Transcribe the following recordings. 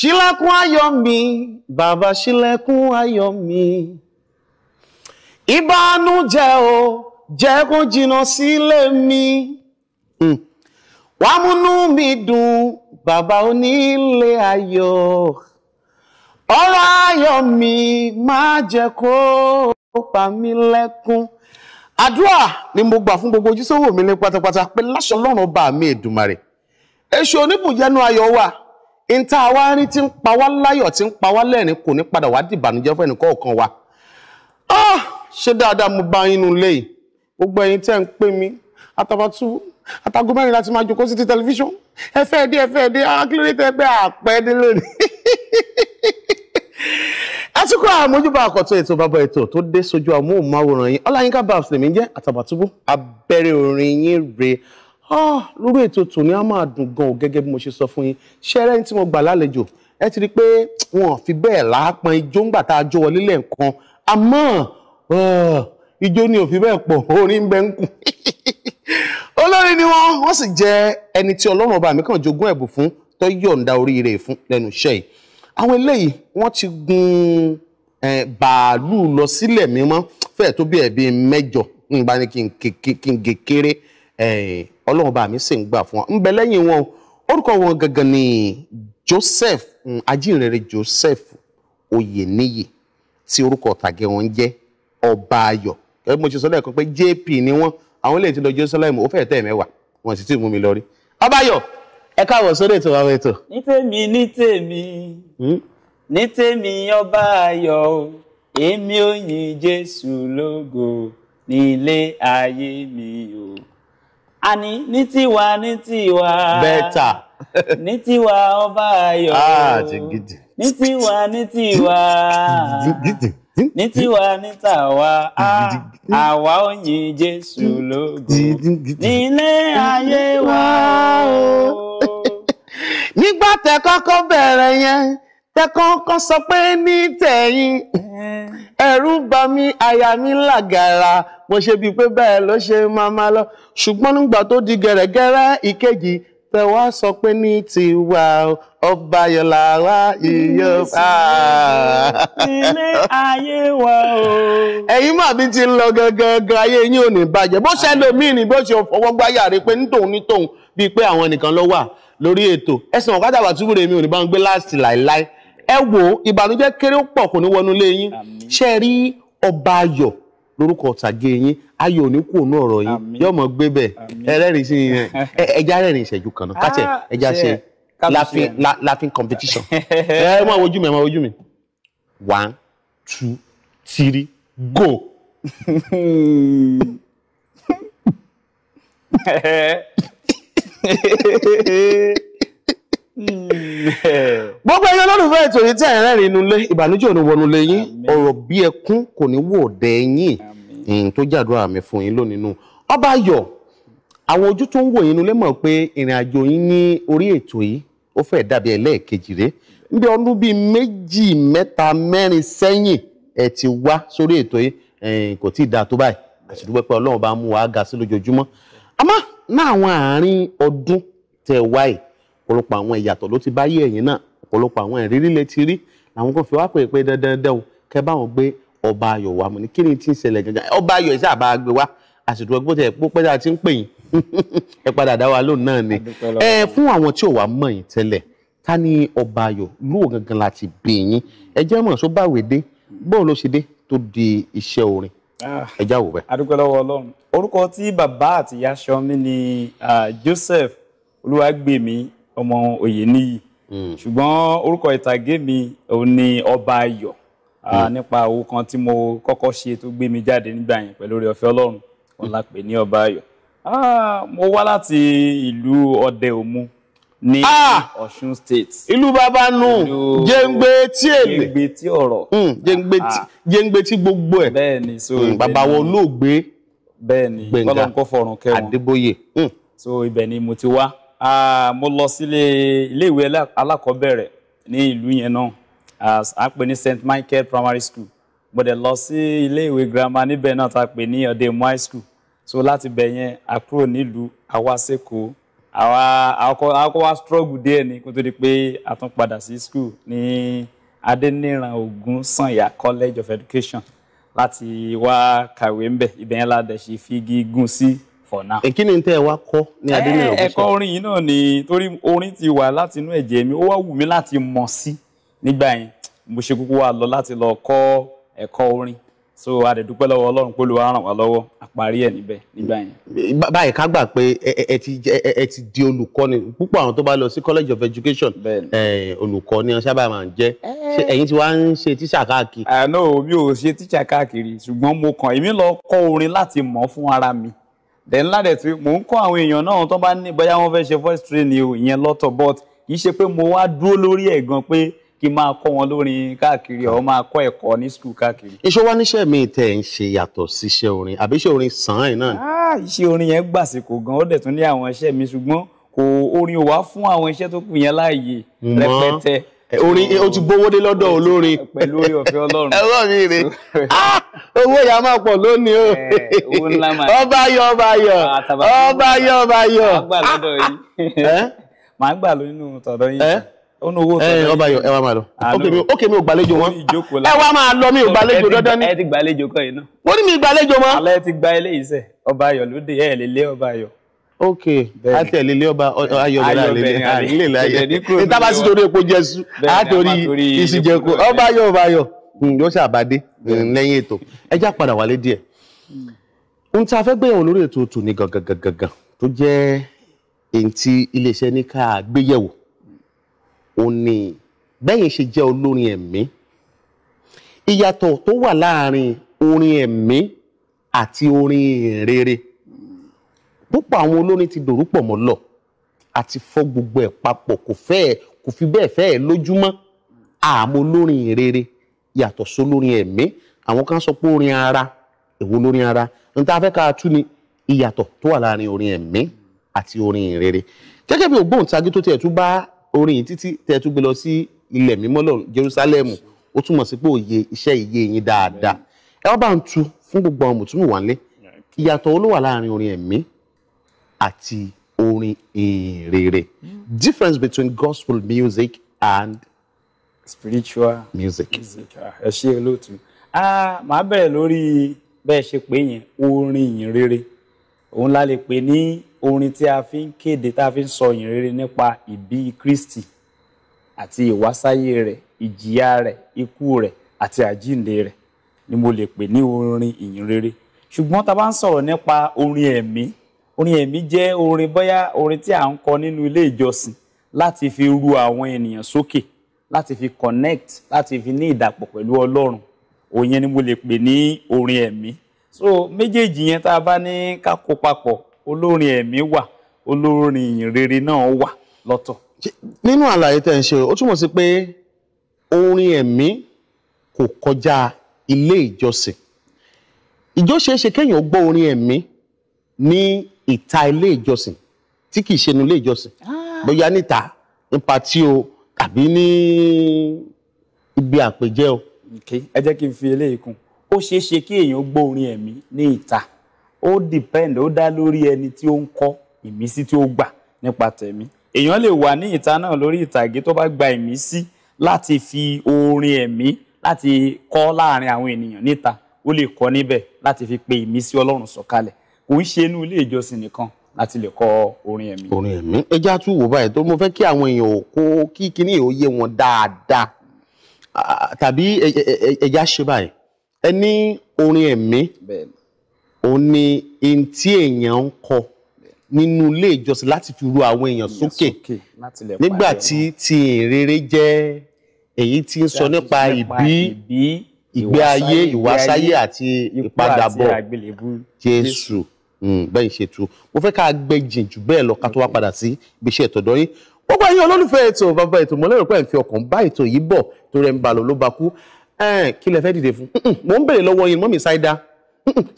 ṣílẹ̀kùn ayọ̀ mi bàbá ṣílẹ̀kùn ayọ̀ mi ìbànújẹ́ o jẹ́ kó jìnnà sílé mi hmm. wàá múnú mi dùn bàbá onílé ayọ̀ ọ̀rọ̀ ayọ̀ mi máa jẹ́ kó pa mí lẹ́kún àdúrà ni mo gbà fún gbogbo ojúṣòwò mi ní pátápátá pé láṣọ Ọlọ́run ọba mi Èdùmàrè èṣù oníbùjẹ́nu ayọ̀ wà n tá a wá rí tí ń pa wá láyọ̀ tí ń pa wá lẹ́rìn kò ní padà wá dìbànújẹ́ fún ẹnìkọ̀ọ̀kan wa ah! ṣé dáadáa mo bá yín nu lé yìí gbogbo ẹ̀yin tẹ́ ń pè mí Àtàbàtúbú àtàgọ́ mẹ́rin láti máa jókòó sí ti tẹlifíṣàn ẹ fẹ́ dé ẹ fẹ́ dé akílódé ah, tẹ́ pé àpẹ́ dé lónìí àsìkò àmójúbà àkọ́tún ètò bàbá ètò tó dé sójú àmóhùnmáwòrán yín Ọláyínká Babs lèmi jẹ́ Àtàbàtúbú abẹ́rẹ́ orin yín rèé Ah, lórí ètò tòní á máa dùn gan o gẹ́gẹ́ bí mo ṣe sọ fún yín ṣẹ́rẹ́ ní tí mo gbà lálejò ẹ ti rí i pé wọn fi bẹ́ẹ̀ láápọn ijó ńgbà tá a jó wọlé lẹ́ẹ̀kan àmọ́ ah, ijó ni ò fi bẹ́ẹ̀ pọ̀ orin ń bẹ ń kù olórin ni wọn wọn sì jẹ ẹni tí ọlọ́run ọba mi kàn jogún ẹ̀bùn fún tó yọ̀ǹda oríire fún lẹ́nu iṣẹ́ yìí àwọn eléyìí wọ́n ti gun bàálù lọ sílẹ̀ mímọ́ fẹ́ẹ̀ tó bí ẹ̀bí mẹ́jọ ń kí n kékeré. ọlọ́run bá mi sì ń gbà fún wọn ń lẹ́yìn wọn orúkọ wọn gangan ni Joseph hmm, ajínrere Joseph Oyèníyì tí orúkọ tàgé wọn jẹ́ ọba ayọ̀ gẹ́gẹ́ mo ṣe sọ lẹ́ẹ̀kan pé JP ni wọn àwọn ilé ìtìlọ Jerusalem ó wọn sì ti mú mi lọ rí ọba ẹ sórí ètò àwọn ètò. ní tèmi ní tèmi hmm? ní tèmi ọba Ani ní tiwa ní tiwa bẹ́ẹ̀ta ní tiwa ọba ayọ̀ ah, ní tiwa ní tiwa ní tiwa ní tàwa ah, àwa ó yin Jésù lógo nílé ayé wa o. nígbà tẹ kọ́kọ́ bẹ̀rẹ̀ yẹn tẹ sọ pé ní tẹ̀yìn. Eh ẹ̀rù ń bà mí àyà mi ń là gàrà mo ṣe bíi pé bẹ́ẹ̀ ló ṣe máa máa lọ ṣùgbọ́n nígbà tó di gẹ̀rẹ́gẹ́rẹ́ ìkejì tẹ wá sọ pé ní tiwa ọba yọlá wa iye ilé ayé wa o. ẹ̀yin máa bí ti ń lọ gangan ayé yín ò ní bàjẹ́ bó ṣe lómìn ní bó ṣe fọwọ́ gbáyà rẹ pé ní tòun ní tòun bíi pé àwọn nìkan ló wà lórí ètò ẹ̀sìn ọ̀kadà wàtúbù rèmi ò ní bá ń gbé láti láéláé. ewu wò ìbànújẹ́ kéré ó pọ̀ kò ní wọnú ṣe rí ọba ayọ̀ lórúkọ ọtàgé yín ayo òní kù òun ọ̀rọ̀ yín yóò mọ gbé bẹ ẹlẹrìí sí rẹrìn kan náà kátẹ ah, ẹja ṣe competition ẹ máa wojú mi ẹ mi one two gbogbo ẹyọ lọ́lùfẹ́ ètò yìí tí ẹ̀ rẹ́rìn inú lé ìbànújẹ́ ò wọnú lé yín ọ̀rọ̀ bí ẹkún kò ní wò dé tó jàdúrà mi fún yín ọba ayọ àwọn ojú tó ń wò yín lé mọ̀ pé ìrìn àjò yín ní orí ètò yìí ó fẹ́ dàbí ẹlẹ́ẹ̀kejì níbi ọdún bíi méjì mẹ́ta mẹ́rin sẹ́yìn ti wá sórí ètò yìí kò tí ì tó báyìí Ọlọ́run bá mú ga sí lójoojúmọ́ ọ̀pọ̀lọpọ̀ àwọn ìyàtọ̀ ló ti báyé ẹ̀yìn náà ọ̀pọ̀lọpọ̀ àwọn ìrírí lè ti rí làwọn kan fi wá pè pé dandan dẹ́wọ̀n kẹ́ báwọn gbé ọba ayọ̀ wa mo ní kí ni tí ń ṣẹlẹ̀ gangan ọba ayọ̀ iṣẹ́ àbá gbé wa àṣìdúró gbó tẹ̀ pé pẹ́ta ti ń pè yín ẹ padà dá wa lóun náà ni ẹ fún àwọn tí ò wá mọ̀ yín tẹ́lẹ̀ ta ni ọba ayọ̀ lóò gangan láti bè yín ẹ jẹ́ mọ̀ sóbáwé ah, ah, Joseph Olúwàgbèmí ọmọ òye níyì hmm. ṣùgbọ́n orúkọ ìtàgé mi òun ni ọba ayọ̀ hmm. nípa òun kan tí mo kọ́kọ́ ṣe tó gbé mi jáde nígbà yẹn pẹ̀lú oore ọ̀fẹ́ ọlọ́run òun la pè ní ọba ayọ̀ mo wá láti ìlú ọdẹ òmu ní ọ̀ṣun state. ìlú bàbá nù jẹ́ngbé tí èlé jẹ́ngbé tí ọ̀rọ̀ hmm, jẹ́ngbé tí gbogbo ẹ̀ bẹ́ẹ̀ni so bàbá wọn olóògbé bẹ́ẹ̀ni kọ́lọ́nkọ́ fọ̀rùn kẹwọn Adébóyè so ibẹ̀ ni mo ti wá mo lọ sílé iléèwé alákọ̀ọ́bẹ̀rẹ̀ ní ìlú yẹn náà à pè ní St Michael Primary School mo dẹ̀ lọ sí iléèwé girama níbẹ̀ náà tá pè ní ọ̀dẹ̀mú high school so láti bẹ̀ yẹn a kúrò nílùú àwa sẹ́kọ̀ọ́ àwa àkọ́ wa struggle díẹ̀ ni kó tó di pé a tún padà sí school ní Adéníran Ògún Sànyà College of Education láti wá kàwé ńbẹ̀ ibẹ̀ yẹn la dẹ̀ ṣe fi igi gùn sí. Si for now. èkínní tẹ́ ẹ wá kọ́ ní eh, adéníyàn ògúnṣọ́. ẹ̀kọ́ orin yìí náà ni torí orin ti wà láti inú ẹ̀jẹ̀ mi ó wá wù mí láti mọ̀ sí nígbà yẹn mo ṣe kúkú wá lọ láti lọ kọ́ ẹ̀kọ́ orin so a dẹ̀ dúpẹ́ lọ́wọ́ ọlọ́run pé olùwà ràn wá lọ́wọ́ àparí ẹ̀ níbẹ̀ nígbà yẹn. báyìí ká gbà pé ẹ ti ẹ ti di olùkọ́ni púpọ̀ àwọn tó bá lọ sí college of education olùkọ́ni ọ̀sẹ̀ bá máa ń jẹ́ eh. ẹ̀yin tí wàá ń ṣe tíṣà káàkiri. àná mi ò ṣe tíṣà káàkiri ṣùgbọ́n mo kàn èmi lọ kọ́ orin láti mọ̀ fún ara mi then ládẹ̀ tí mò ń kọ́ àwọn èèyàn náà tó bá ní bóyá wọ́n fẹ́ ṣe voice training o ìyẹn lọ́tọ̀ but kì í ṣe pé mo wá dúró lórí ẹ̀ gan pé kí n máa kọ́ wọn lórin káàkiri ọ̀ máa kọ́ ẹ̀kọ́ ní skul káàkiri. iṣẹ́ wa níṣẹ́ mi tẹ̀ ń ṣe yàtọ̀ sí iṣẹ́ orin àbí iṣẹ́ orin sàn án náà. Ah, iṣẹ́ orin yẹn gbàsìkò gan ó dẹ̀ tún ní àwọn iṣẹ́ mi ṣùgbọ́n kò orin ò wá fún àwọn iṣẹ́ tó kù yẹn láàyè rẹpẹtẹ orin ó ti gbówó dé lọ́dọ̀ olórin pẹ̀lú orí ọ̀fẹ́ ọlọ́run ẹ̀rọ mi rè ah! owó ìyá máa pọ̀ lónìí o ọba yọ ọba yọ ah, ọba yọ ọba yọ màá gbà ah! lóyún tọ̀dọ̀ yìí ó ní owó tọ̀dọ̀ yìí ọba yọ ẹ wá máa lọ ókè mi ò gbàlejò wọn ẹ wá máa lọ mi ò gbàlejò dandan ni ẹ ti gbàlejò kan yìí náà mo ní mi gbàlejò wọn alẹ́ ti gba eléyìí sẹ́ ọba yọ lóde ẹ̀ lè lé ọba yọ ok àtẹ̀lé ilé ọba ayọ̀bẹ̀rẹ̀ àlè ilé láyé níta bá sí torí epo jésù àtòrí ìsìnjẹko ọba ayọ̀ ọba ayọ̀ hmm, yóò ṣàbádé lẹ́yìn ètò ẹjá padà wálé díẹ̀ hmm. ohun tí a fẹ́ gbéyàwó lórí ètò òtò ní gangan tó jẹ́ èyí tí iléeṣẹ́ ní ká gbéyẹ̀wò òun ni bẹ́yìn ṣe jẹ́ olórin ẹ̀mí ìyàtọ̀ tó wà láàrin orin ẹ̀mí àti orin ìrere. E púpọ̀ àwọn olórin ti dòrú pọ̀ mọ́ lọ àti fọ́ gbogbo ẹ̀ papọ̀ kò fẹ́ẹ̀ kò fi bẹ́ẹ̀ fẹ́ẹ̀ lójúmọ́ àmọ́ olórin ìrere yàtọ̀ sólórin ẹ̀mí àwọn kan sọ pé orin ara èwo lórin ara n ta fẹ́ ká tú ni ìyàtọ̀ tó wà láàrin orin ẹ̀mí àti orin ìrere gẹ́gẹ́ bí ògbóǹtagí tó tiẹ̀ tún bá orin yìí títí tẹ̀ tún gbé lọ sí ilẹ̀ mímọ́ lọ Jerúsálẹ́mù ó túmọ̀ sí pé òye iṣẹ́ ìyè yín dáadáa ẹ wá bá ń tu fún gbogbo àwọn mùtúmù wà nílé ìyàtọ̀ olówà láàrin orin ẹ̀mí àti orin ìrere difference between gospel music and spiritual music. Ah, ẹ ṣe olóòtú ah, màá bẹ̀rẹ̀ lórí bẹ́ẹ̀ ṣe pé yẹn orin ìrere òun la lè pè ní orin tí a fi ń kéde tá a fi ń sọ ìrere nípa ìbí Kristi àti ìwásáyé rẹ̀ ìjìyà rẹ̀ ikú rẹ̀ àti àjínde rẹ̀ ni mo lè pè ní orin ìyìnrere ṣùgbọ́n tá a bá ń sọ̀rọ̀ nípa orin ẹ̀mí orin ẹ̀mí jẹ́ orin bóyá orin tí à ń kọ nínú ilé ìjọsìn láti fi ru àwọn ènìyàn sókè láti fi connect láti fi ní ìdàpọ̀ pẹ̀lú ọlọ́run òyìn ni mo lè pè ní orin ẹ̀mí so méjèèjì yẹn tá a bá ní ká kó papọ̀ olórin ẹ̀mí wà olórin ìrere náà wà lọ́tọ̀. nínú àlàyé tẹ̀ ń ṣe ó túmọ̀ sí pé orin ẹ̀mí kò kọjá ilé ìjọsìn ìjọ ṣeéṣe kéèyàn gbọ́ orin ẹ̀mí ní ìta ilé ìjọsìn tí kì í ṣe inú ilé ìjọsìn ah. bóyá níta nípa tí o tàbí ní ibi àpèjẹ o. ẹ jẹ́ kí n fi eléyìí kún ó ṣeé ṣe kí èèyàn gbọ́ orin ẹ̀mí ní ìta ó depend ó dá lórí ẹni tí ó ń kọ́ ìmísí tí ó gbà nípa tẹ̀mí èèyàn lè wà ní ìta náà lórí ìtàgé tó bá gba ìmísí láti fi orin ẹ̀mí láti kọ́ láàrin àwọn ènìyàn níta ó lè kọ́ níbẹ̀ láti fi pe ìmísí Ọlọ́run sọ̀kalẹ̀ kò ń ṣe inú ilé ìjọsìn nìkan láti lè kọ orin ẹ̀mí. orin ẹ̀mí ẹja tún wò báyìí tó mo fẹ́ kí àwọn èèyàn ò kó kí kinní yìí ó yé wọn dáadáa tàbí ẹja ṣe báyìí ẹ ní orin ẹ̀mí ó ní ohun tí èèyàn ń kọ nínú ilé ìjọsìn láti fi ru àwọn èèyàn sókè nígbà tí ti ìrere jẹ́ èyí tí ń sọ nípa ìbí ìgbé ayé ìwásáyé àti ìpadàbọ̀ Jésù. Hmm, bẹ́ẹ̀ ṣe tu mo fẹ́ ká gbẹ̀jìn jù bẹ́ẹ̀ lọ ká tó wá padà sí ibi iṣẹ́ ìtọ́dọ̀ yín gbogbo ẹ̀yin olólùfẹ́ ètò bàbá ètò mo lérò pé ẹ̀ ń fi ọkàn bá ètò yìí bọ̀ tó rẹ̀ ń ba lò ló ba kú kí lẹ fẹ́ dìde fún mò ń béèrè lọ́wọ́ yín mọ́mì ṣáídá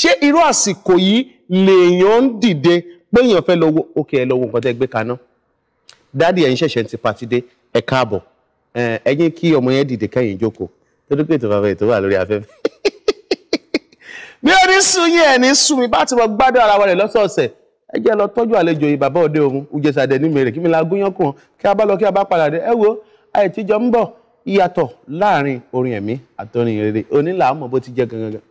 ṣé irú àsìkò yìí lèèyàn ń dìde pé èèyàn fẹ́ lọ́wọ́ òkè ẹ̀ lọ́wọ́ nǹkan tẹ́ gbé kaná dáàdì ẹ̀yin ṣẹ̀ṣẹ̀ ti bí ó ní sùn yín ẹ̀ ní sùn mi bá ti mọ gbádùn ara wa rẹ̀ lọ́sọ̀ọ̀sẹ̀ ẹ jẹ́ lọ tọ́jú àlejò yìí bàbá òde òun ùjẹsàdẹ ní mèrè kí mi la gúnyán kù wọn kí a bá lọ kí a bá padà dé ẹ wo àìtíjọ ń bọ̀ ìyàtọ̀ láàrin orin ẹ̀mí àtọrin rere onílà á mọ̀ bó ti jẹ́ gangan.